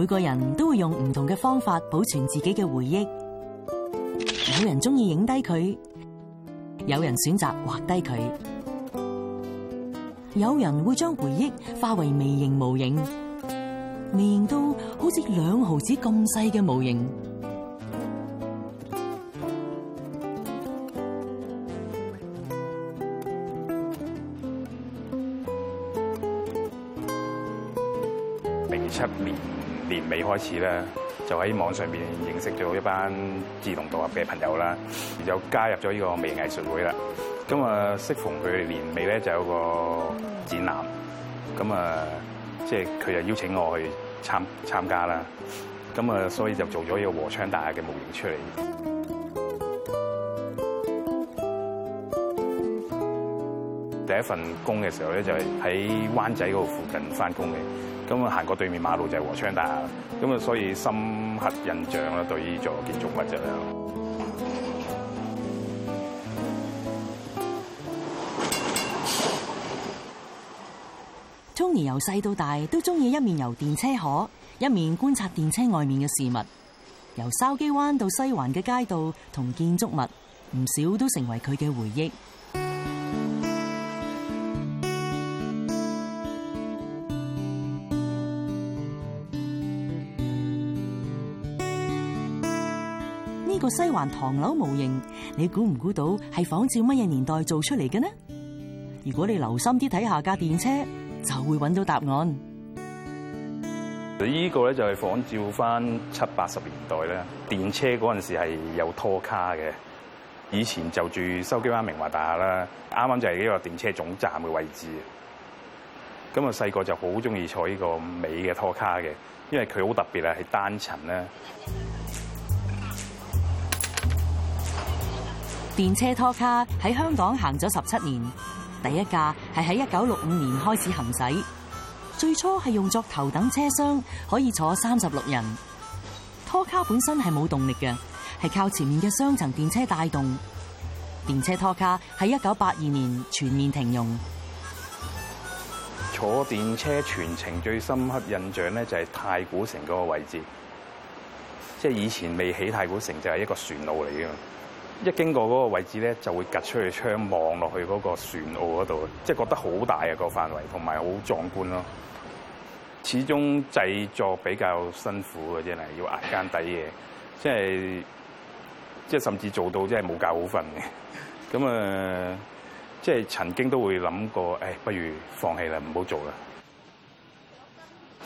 每個人都會用唔同嘅方法保存自己嘅回憶，有人中意影低佢，有人選擇畫低佢，有人會將回憶化為微型模型，微型到好似兩毫子咁細嘅模型。開始咧，就喺網上邊認識咗一班志同道合嘅朋友啦，然就加入咗呢個微藝術會啦。咁啊，適逢佢年尾咧就有個展覽，咁啊，即係佢就邀請我去參參加啦。咁啊，所以就做咗呢個和昌大押嘅模型出嚟。第一份工嘅時候咧，就係、是、喺灣仔嗰度附近翻工嘅，咁啊，行過對面馬路就係和昌大廈，咁啊，所以深刻印象啦對依座建築物就。Tony 由細到大都中意一面遊電車河，一面觀察電車外面嘅事物，由筲箕灣到西環嘅街道同建築物，唔少都成為佢嘅回憶。個西環唐樓模型，你估唔估到係仿照乜嘢年代做出嚟嘅呢？如果你留心啲睇下架電車，就會揾到答案。呢個咧就係仿照翻七八十年代啦，電車嗰陣時係有拖卡嘅。以前就住筲箕灣明華大廈啦，啱啱就係呢個電車總站嘅位置。咁啊，細個就好中意坐呢個美嘅拖卡嘅，因為佢好特別啊，係單層咧。電車拖卡喺香港行咗十七年，第一架係喺一九六五年開始行駛，最初係用作頭等車廂，可以坐三十六人。拖卡本身係冇動力嘅，係靠前面嘅雙層電車帶動。電車拖卡喺一九八二年全面停用。坐電車全程最深刻印象呢，就係太古城嗰個位置，即係以前未起太古城就係一個船路嚟嘅。一經過嗰個位置咧，就會隔出去窗望落去嗰個船澳嗰度，即係覺得好大嘅個範圍，同埋好壯觀咯。始終製作比較辛苦嘅真係，要挨更抵夜，即係即係甚至做到即係冇覺好瞓嘅。咁啊，即係曾經都會諗過，誒，不如放棄啦，唔好做啦。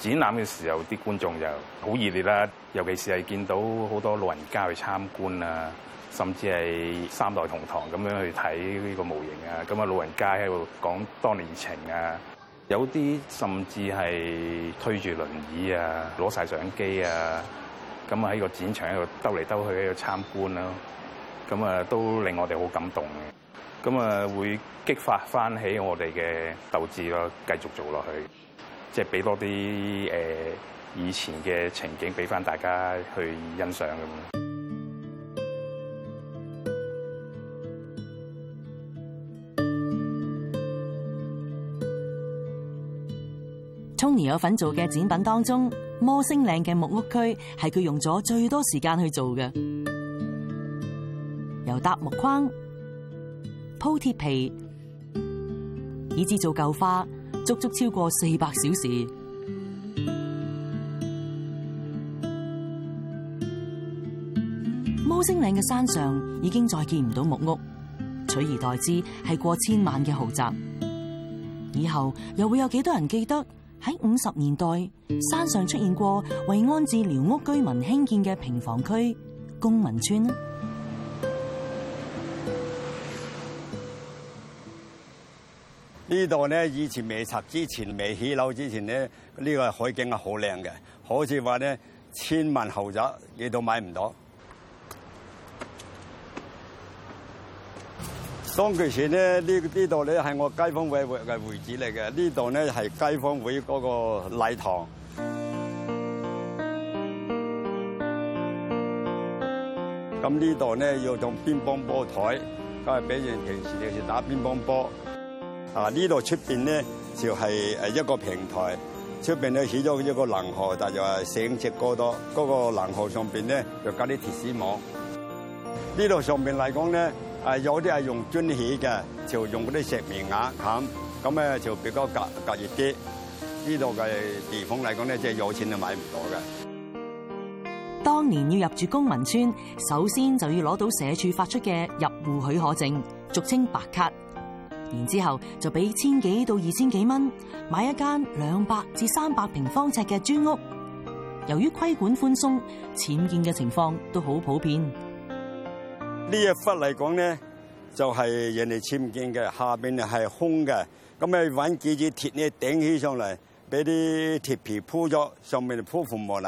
展覽嘅時候，啲觀眾又好熱烈啦，尤其是係見到好多老人家去參觀啊。甚至係三代同堂咁樣去睇呢個模型啊！咁啊老人家喺度講當年情啊，有啲甚至係推住輪椅啊，攞晒相機啊，咁啊喺個展場喺度兜嚟兜去喺度參觀咯，啊。咁啊都令我哋好感動嘅，咁啊會激發翻起我哋嘅鬥志咯，繼續做落去，即係俾多啲誒、呃、以前嘅情景俾翻大家去欣賞咁。Tony 有份做嘅展品當中，摩星嶺嘅木屋區係佢用咗最多時間去做嘅，由搭木框、鋪鐵皮，以至做舊花，足足超過四百小時。摩星嶺嘅山上已經再見唔到木屋，取而代之係過千萬嘅豪宅。以後又會有幾多人記得？喺五十年代，山上出現過為安置寮屋居民興建嘅平房區——公民村。呢度咧，以前未拆之前、未起樓之前咧，呢個海景係好靚嘅，好似話咧千萬豪宅你都買唔到。當其時咧，呢呢度咧係我街坊會嘅會址嚟嘅，呢度咧係街坊會嗰個禮堂。咁、嗯、呢度咧要種乒乓波台，咁啊俾人平時有時打乒乓波。啊面呢度出邊咧就係、是、誒一個平台，出邊咧起咗一個欄河，但係又係斜斜過多，嗰、那個欄河上邊咧就加啲鐵絲網。面來呢度上邊嚟講咧。啊！有啲係用磚起嘅，就用嗰啲石棉瓦冚，咁咧就比較隔隔熱啲。呢度嘅地方嚟講咧，即係有錢都買唔到嘅。當年要入住公民村，首先就要攞到社署發出嘅入戶許可證，俗稱白卡。然之後就俾千幾到二千幾蚊買一間兩百至三百平方尺嘅磚屋。由於規管寬鬆，僭建嘅情況都好普遍。呢一忽嚟講咧，就係、是、人哋砌唔見嘅，下邊又係空嘅，咁咪揾幾支鐵咧頂起上嚟，俾啲鐵皮鋪咗，上面就鋪防磨泥，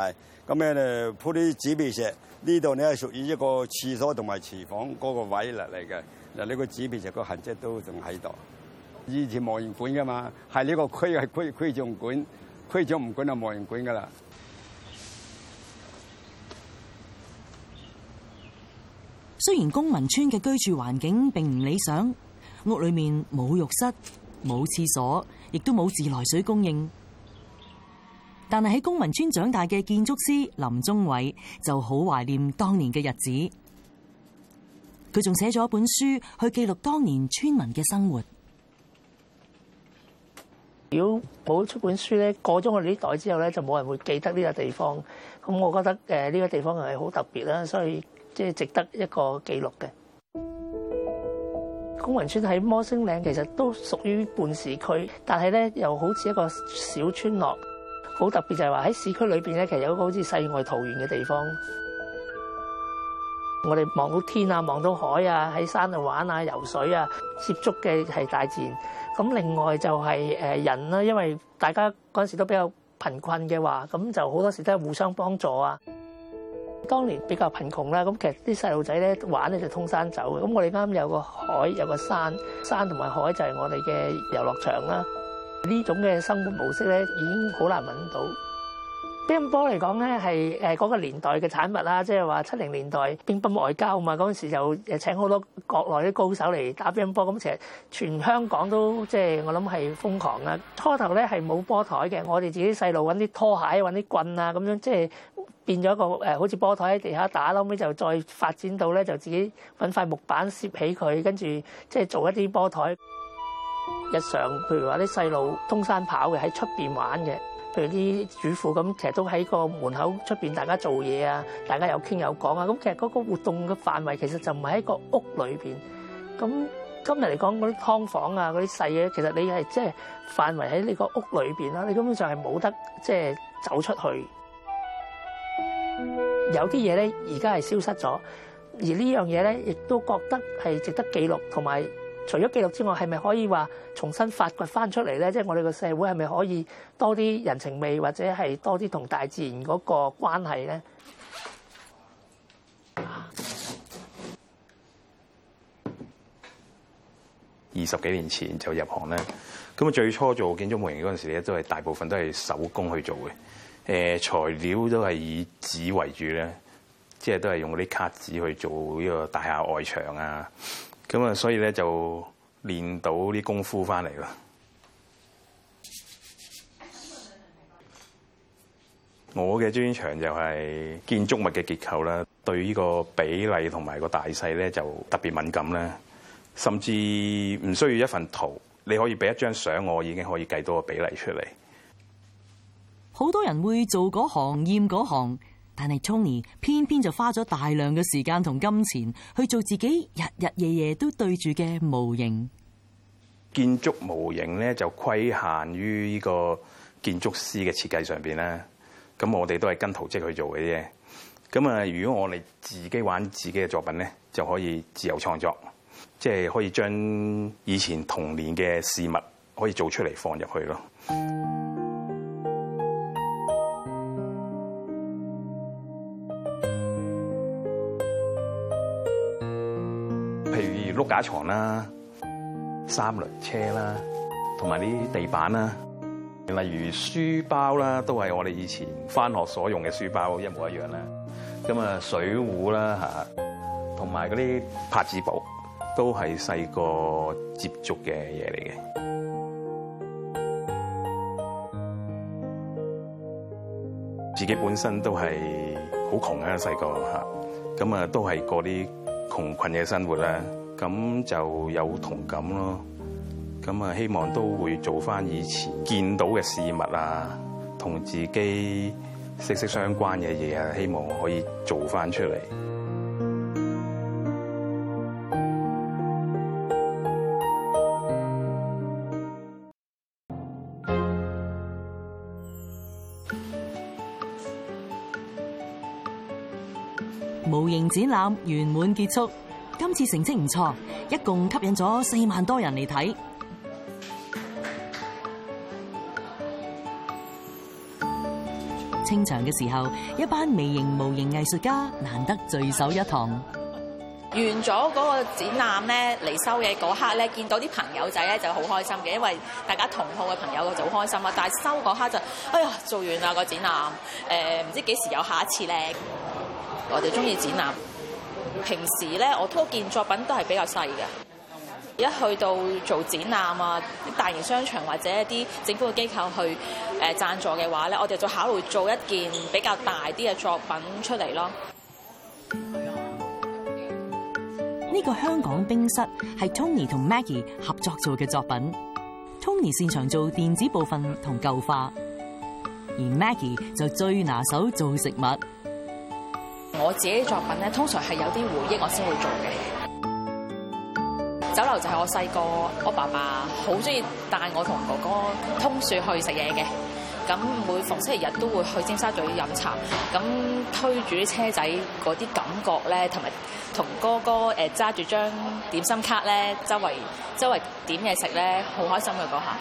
咁咧鋪啲紙皮石。呢度咧係屬於一個廁所同埋廚房嗰個位嚟嚟嘅，嗱，呢個紙皮石個痕跡都仲喺度。以前冇人管噶嘛，係呢個區嘅區區長管，區長唔管就冇人管噶啦。雖然公民村嘅居住環境並唔理想，屋裏面冇浴室、冇廁所，亦都冇自來水供應。但係喺公民村長大嘅建築師林宗偉就好懷念當年嘅日子。佢仲寫咗一本書去記錄當年村民嘅生活。如果冇出本書咧，過咗我哋呢代之後咧，就冇人會記得呢個地方。咁我覺得誒，呢個地方係好特別啦，所以。即係值得一個記錄嘅。公民村喺摩星嶺，其實都屬於半市區，但係咧又好似一個小村落。好特別就係話喺市區裏邊咧，其實有一個好似世外桃源嘅地方。我哋望到天啊，望到海啊，喺山度玩啊，游水啊，接觸嘅係大自然。咁另外就係誒人啦、啊，因為大家嗰陣時都比較貧困嘅話，咁就好多時都係互相幫助啊。當年比較貧窮啦，咁其實啲細路仔咧玩咧就通山走嘅，咁我哋啱啱有個海，有個山，山同埋海就係我哋嘅遊樂場啦。呢種嘅生活模式咧，已經好難揾到。乒乓波嚟講咧，係誒嗰個年代嘅產物啦，即係話七零年代乒乓外交啊嘛，嗰陣時就誒請好多國內啲高手嚟打乒乓波，咁其實全香港都即係我諗係瘋狂啦。初頭咧係冇波台嘅，我哋自己細路揾啲拖鞋、揾啲棍啊咁樣，即係變咗個誒好似波台喺地下打，後尾就再發展到咧就自己揾塊木板攝起佢，跟住即係做一啲波台。日常譬如話啲細路通山跑嘅，喺出邊玩嘅。譬如啲主婦咁，其實都喺個門口出邊，大家做嘢啊，大家有傾有講啊。咁其實嗰個活動嘅範圍其實就唔係喺個屋裏邊。咁今日嚟講嗰啲劏房啊，嗰啲細嘢，其實你係即係範圍喺你個屋裏邊啦。你根本上係冇得即係走出去。有啲嘢咧，而家係消失咗。而呢樣嘢咧，亦都覺得係值得記錄同埋。除咗記錄之外，係咪可以話重新發掘翻出嚟咧？即係我哋個社會係咪可以多啲人情味，或者係多啲同大自然嗰個關係咧？二十幾年前就入行咧，咁啊最初做建築模型嗰陣時咧，都係大部分都係手工去做嘅。誒，材料都係以紙為主咧，即係都係用嗰啲卡紙去做呢個大廈外牆啊。咁啊，所以咧就練到啲功夫翻嚟啦。我嘅專長就係建築物嘅結構啦，對呢個比例同埋個大細咧就特別敏感啦。甚至唔需要一份圖，你可以俾一張相，我已經可以計到個比例出嚟。好多人會做嗰行厭嗰行。但係 Tony 偏偏就花咗大量嘅時間同金錢去做自己日日夜夜都對住嘅模型。建築模型咧就規限於呢個建築師嘅設計上邊啦。咁我哋都係跟圖則去做嘅啫。咁啊，如果我哋自己玩自己嘅作品咧，就可以自由創作，即係可以將以前童年嘅事物可以做出嚟放入去咯。家床啦、三輪車啦，同埋啲地板啦，例如書包啦，都係我哋以前返學所用嘅書包，一模一樣啦。咁啊，水壺啦，吓，同埋嗰啲拍紙簿，都係細個接觸嘅嘢嚟嘅。自己本身都係好窮啊，細個吓，咁啊，都係過啲窮困嘅生活啦。咁就有同感咯，咁啊，希望都會做翻以前見到嘅事物啊，同自己息息相關嘅嘢啊，希望可以做翻出嚟。模型展覽圓滿結束。今次成績唔錯，一共吸引咗四萬多人嚟睇。清場嘅時候，一班微型模型藝術家難得聚首一堂。完咗嗰個展覽咧，嚟收嘢嗰刻咧，見到啲朋友仔咧就好開心嘅，因為大家同好嘅朋友就好開心啊。但係收嗰刻就，哎呀，做完啦個展覽，誒、呃、唔知幾時有下一次咧。我哋鍾意展覽。平時咧，我拖件作品都係比較細嘅。一去到做展覽啊，大型商場或者一啲政府嘅機構去誒贊助嘅話咧，我哋就考慮做一件比較大啲嘅作品出嚟咯。呢個香港冰室係 Tony 同 Maggie 合作做嘅作品。Tony 擅長做電子部分同舊化，而 Maggie 就最拿手做食物。我自己作品咧，通常係有啲回憶，我先會做嘅。酒樓就係我細個，我爸爸好中意帶我同哥哥通宵去食嘢嘅。咁每逢星期日都會去尖沙咀飲茶，咁推住啲車仔嗰啲感覺咧，同埋同哥哥誒揸住張點心卡咧，周圍周圍點嘢食咧，好開心嘅嗰下。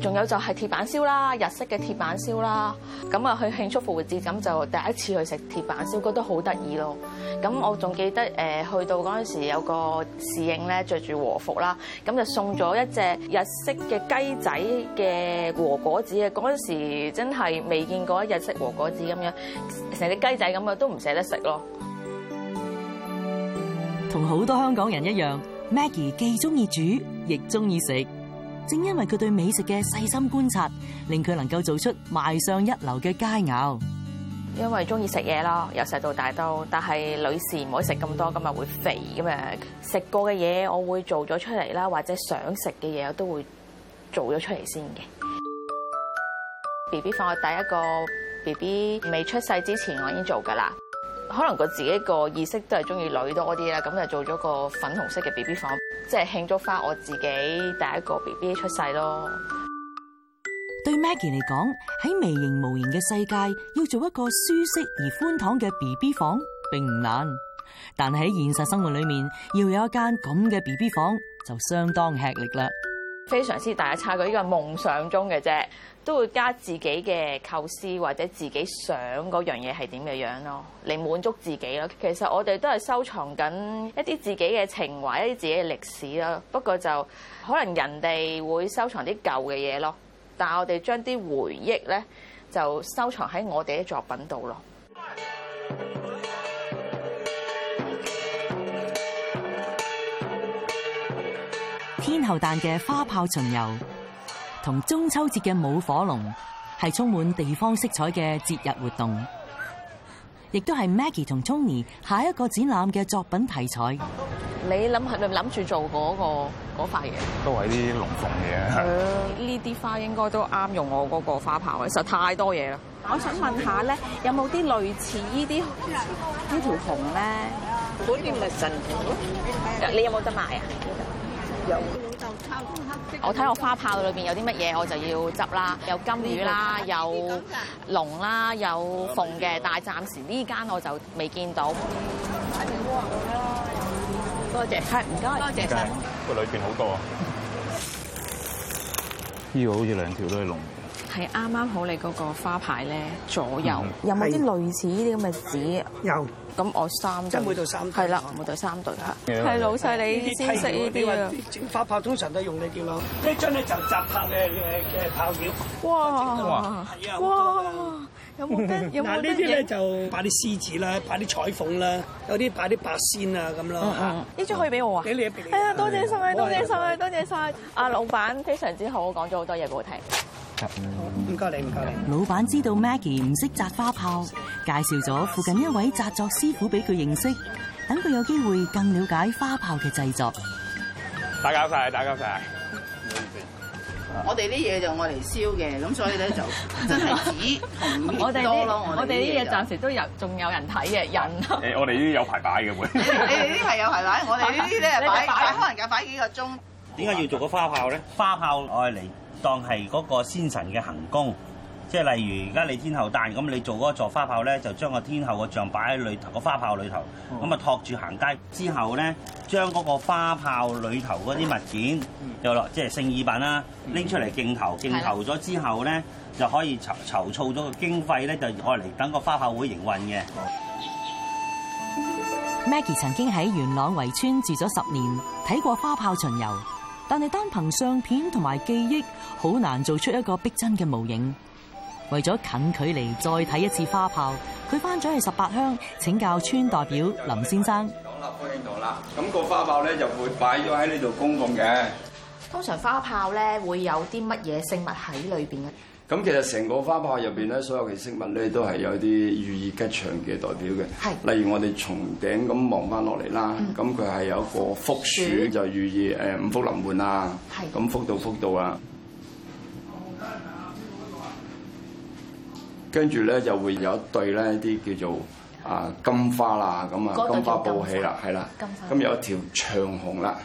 仲有就係鐵板燒啦，日式嘅鐵板燒啦，咁啊去慶祝復活節，咁就第一次去食鐵板燒，覺得好得意咯。咁我仲記得誒，去到嗰陣時有個侍應咧，着住和服啦，咁就送咗一隻日式嘅雞仔嘅和果子嘅。嗰陣時真係未見過日式和果子咁樣，成隻雞仔咁啊，都唔捨得食咯。同好多香港人一樣，Maggie 既中意煮，亦中意食。正因為佢對美食嘅細心觀察，令佢能夠做出賣相一流嘅佳餚。因為中意食嘢咯，由細到大都。但係女士唔可以食咁多，咁咪會肥。咁啊，食過嘅嘢，我會做咗出嚟啦，或者想食嘅嘢，我都會做咗出嚟先嘅。B B 房，我第一個 B B 未出世之前我已經做噶啦。可能佢自己個意識都係中意女多啲啦，咁就做咗個粉紅色嘅 B B 房。即係慶祝翻我自己第一個 B B 出世咯。對 Maggie 嚟講，喺微型無形嘅世界，要做一個舒適而寬敞嘅 B B 房並唔難，但喺現實生活裏面，要有一間咁嘅 B B 房就相當吃力啦。非常之大嘅差距，呢個係夢想中嘅啫。都會加自己嘅構思或者自己想嗰樣嘢係點嘅樣咯，嚟滿足自己咯。其實我哋都係收藏緊一啲自己嘅情懷、一啲自己嘅歷史啦。不過就可能人哋會收藏啲舊嘅嘢咯，但係我哋將啲回憶咧就收藏喺我哋嘅作品度咯。天后誕嘅花炮巡遊。同中秋節嘅舞火龍係充滿地方色彩嘅節日活動，亦都係 Maggie 同 Tony 下一個展覽嘅作品題材。你諗下，你諗住做嗰、嗰個嗰塊嘢，都係啲龍鳳嘢。呢、嗯、啲花應該都啱用我嗰個花牌嘅，實在太多嘢啦。我想問一下咧，有冇啲類似條紅呢啲呢條紅咧？本店唔成，有你有冇得賣啊？有。我睇我花炮裏邊有啲乜嘢，我就要執啦。有金魚啦，有龍啦，有鳳嘅，但係暫時呢間我就未見到。 多謝，係唔該。多謝晒。個裏邊好多啊！呢 個好似兩條都係龍。係啱啱好，你嗰個花牌咧左右有冇啲類似呢啲咁嘅紙？有。咁我三張。每三個對每三對。係啦，每對三對。係老細，你先識呢啲啊？花炮通常都用呢啲咯。呢張咧就集拍嘅嘅嘅炮料。哇！哇！有冇啲？有冇得嘢？呢啲咧就擺啲獅子啦，擺啲彩鳳啦，有啲擺啲八仙啊咁咯。呢張、嗯嗯、可以俾我啊？俾你一俾你。啊！多、哎、謝曬，多謝曬，多謝曬。阿、嗯嗯、老闆非常之好，講咗好多嘢俾我聽。好，唔該你，唔該你。老闆知道 Maggie 唔識紮花炮，介紹咗附近一位紮作師傅俾佢認識，等佢有機會更了解花炮嘅製作打。打攪曬，打攪曬。我哋啲嘢就愛嚟燒嘅，咁所以咧就真係紙同我哋我哋啲嘢暫時都有，仲有人睇嘅人、啊。我哋呢啲有排擺嘅會。你哋呢啲係有排擺，我哋呢啲咧擺，擺可能夠擺幾個鐘。點解要做個花炮咧？花炮愛嚟當係嗰個先神嘅行宮，即係例如而家你天后誕，咁你做嗰座花炮咧，就將個天后個像擺喺裏頭，花裏頭、嗯、個花炮裏頭，咁啊托住行街之後咧，將嗰個花炮裏頭嗰啲物件，又落即係聖意品啦，拎出嚟競投，競投咗之後咧，就可以籌籌措咗個經費咧，就愛嚟等個花炮會營運嘅。Maggie 曾經喺元朗圍村住咗十年，睇過花炮巡遊。但係單憑相片同埋記憶，好難做出一個逼真嘅模型。為咗近距離再睇一次花炮，佢翻咗去十八鄉請教村代表林先生。講落去呢度啦，咁、那個花炮咧就會擺咗喺呢度公共嘅。通常花炮咧會有啲乜嘢聖物喺裏邊嘅？咁其實成個花炮入邊咧，所有嘅飾物咧都係有啲寓意吉祥嘅代表嘅，例如我哋從頂咁望翻落嚟啦，咁佢係有一個福鼠、嗯，就寓意誒、呃、五福臨門啊，咁、嗯、福到福到啊。跟住咧就會有一對咧啲叫做啊、呃、金花啦，咁、嗯、啊金花，金花報喜啦，係啦，咁有一條長虹啦，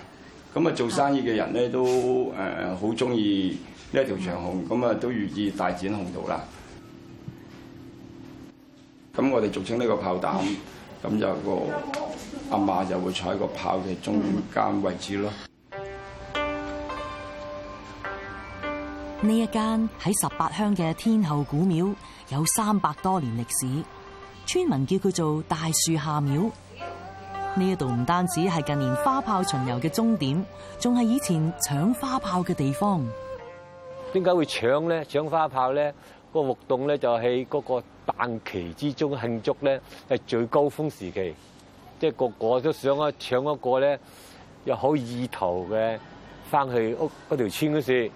咁啊做生意嘅人咧都誒好中意。呃呢一條長紅咁啊，嗯、都寓意大展鴻圖啦。咁我哋俗稱呢個炮膽，咁 就個阿嫲 就會坐喺個炮嘅中間位置咯。呢、嗯、一間喺十八鄉嘅天后古廟有三百多年歷史，村民叫佢做大樹下廟。呢一度唔單止係近年花炮巡遊嘅終點，仲係以前搶花炮嘅地方。點解會搶咧？搶花炮咧？個活動咧就喺嗰個淡期之中慶祝咧，係最高峰時期，即係個個都想啊搶一個咧又好意頭嘅，翻去屋嗰條村嗰時，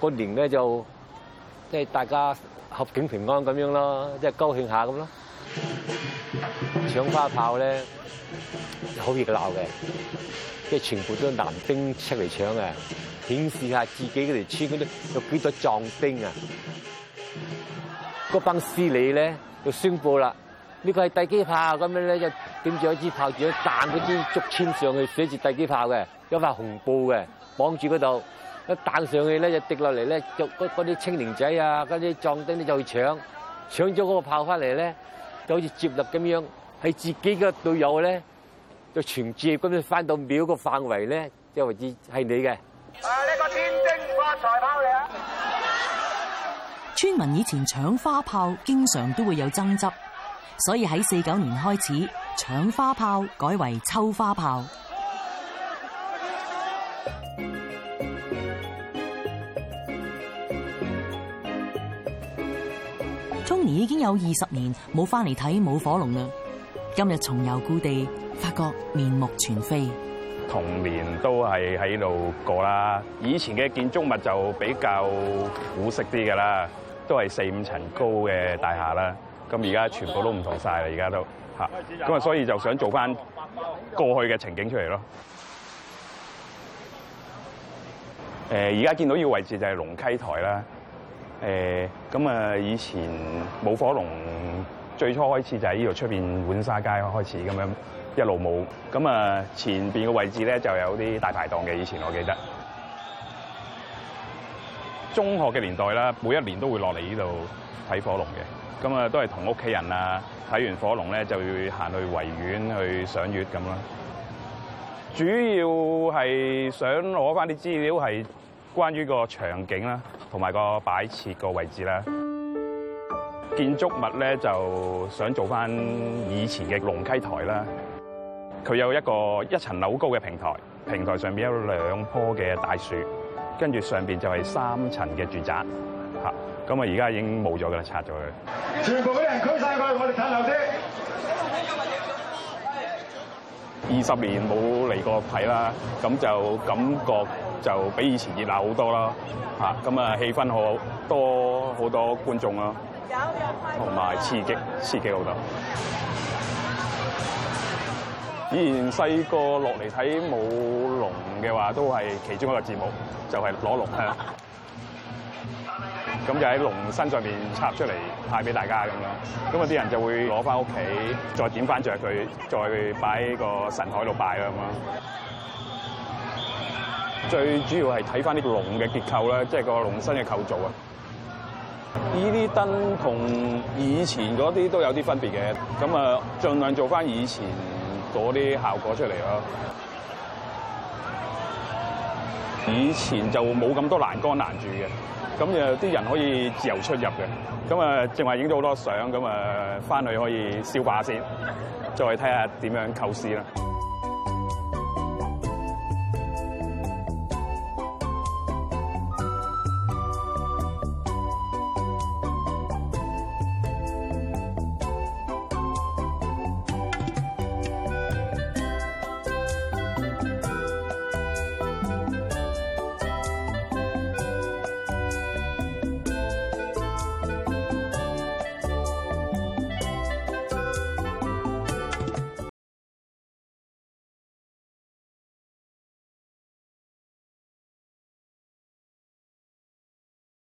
嗰年咧就即係大家合境平安咁樣咯，即係高興一下咁咯。搶花炮咧好熱鬧嘅。即係全部都男丁出嚟搶啊！顯示下自己嗰條村嗰啲有幾多壯丁啊幫呢！嗰班司理咧就宣布啦，這個、呢個係第幾炮咁樣咧，就點住一支炮住彈嗰支竹籤上去寫住第幾炮嘅，有塊紅布嘅綁住嗰度，一彈上去咧就滴落嚟咧，就嗰啲青年仔啊，嗰啲壯丁咧就去搶，搶咗嗰個炮翻嚟咧就好似接力咁樣，係自己嘅隊友咧。就全接咁樣翻到廟個範圍咧，即為之係你嘅。誒呢個添丁花財炮嚟。村民以前搶花炮，經常都會有爭執，所以喺四九年開始，搶花炮改為抽花炮。聰兒已經有二十年冇翻嚟睇舞火龍啦。今日重遊故地，發覺面目全非。童年都係喺度過啦，以前嘅建築物就比較古色啲噶啦，都係四五層高嘅大廈啦。咁而家全部都唔同晒啦，而家都吓，咁啊，所以就想做翻過去嘅情景出嚟咯。誒，而家見到呢個位置就係龍溪台啦。誒，咁啊，以前冇火龍。最初開始就喺呢度出面碗沙街，開始咁樣一路冇，咁啊前邊嘅位置咧就有啲大排檔嘅。以前我記得中學嘅年代啦，每一年都會落嚟呢度睇火龍嘅，咁啊都係同屋企人啊，睇完火龍咧就會行去維園去賞月咁啦。主要係想攞返啲資料係關於個場景啦，同埋個擺設個位置啦。建築物咧就想做翻以前嘅龍溪台啦，佢有一個一層樓高嘅平台，平台上面有兩棵嘅大樹，跟住上面就係三層嘅住宅，咁啊而家已經冇咗噶啦，拆咗佢。全部俾人驅晒佢，我哋拆樓先，二十年冇嚟過睇啦，咁就感覺就比以前熱鬧好多啦，嚇咁啊氣氛好多好多觀眾咯。同埋刺激，刺激好多。以前細個落嚟睇舞龍嘅話，都係其中一個節目，就係、是、攞龍啊。咁 就喺龍身上面插出嚟，派俾大家咁咯。咁啊啲人就會攞翻屋企，再點翻着佢，再擺個神海度拜咁咯。最主要係睇翻啲龍嘅結構咧，即、就、係、是、個龍身嘅構造啊。呢啲燈同以前嗰啲都有啲分別嘅，咁啊，儘量做翻以前嗰啲效果出嚟咯。以前就冇咁多欄杆攔住嘅，咁啊啲人可以自由出入嘅。咁啊，淨係影咗好多相，咁啊翻去可以消化先，再睇下點樣構思啦。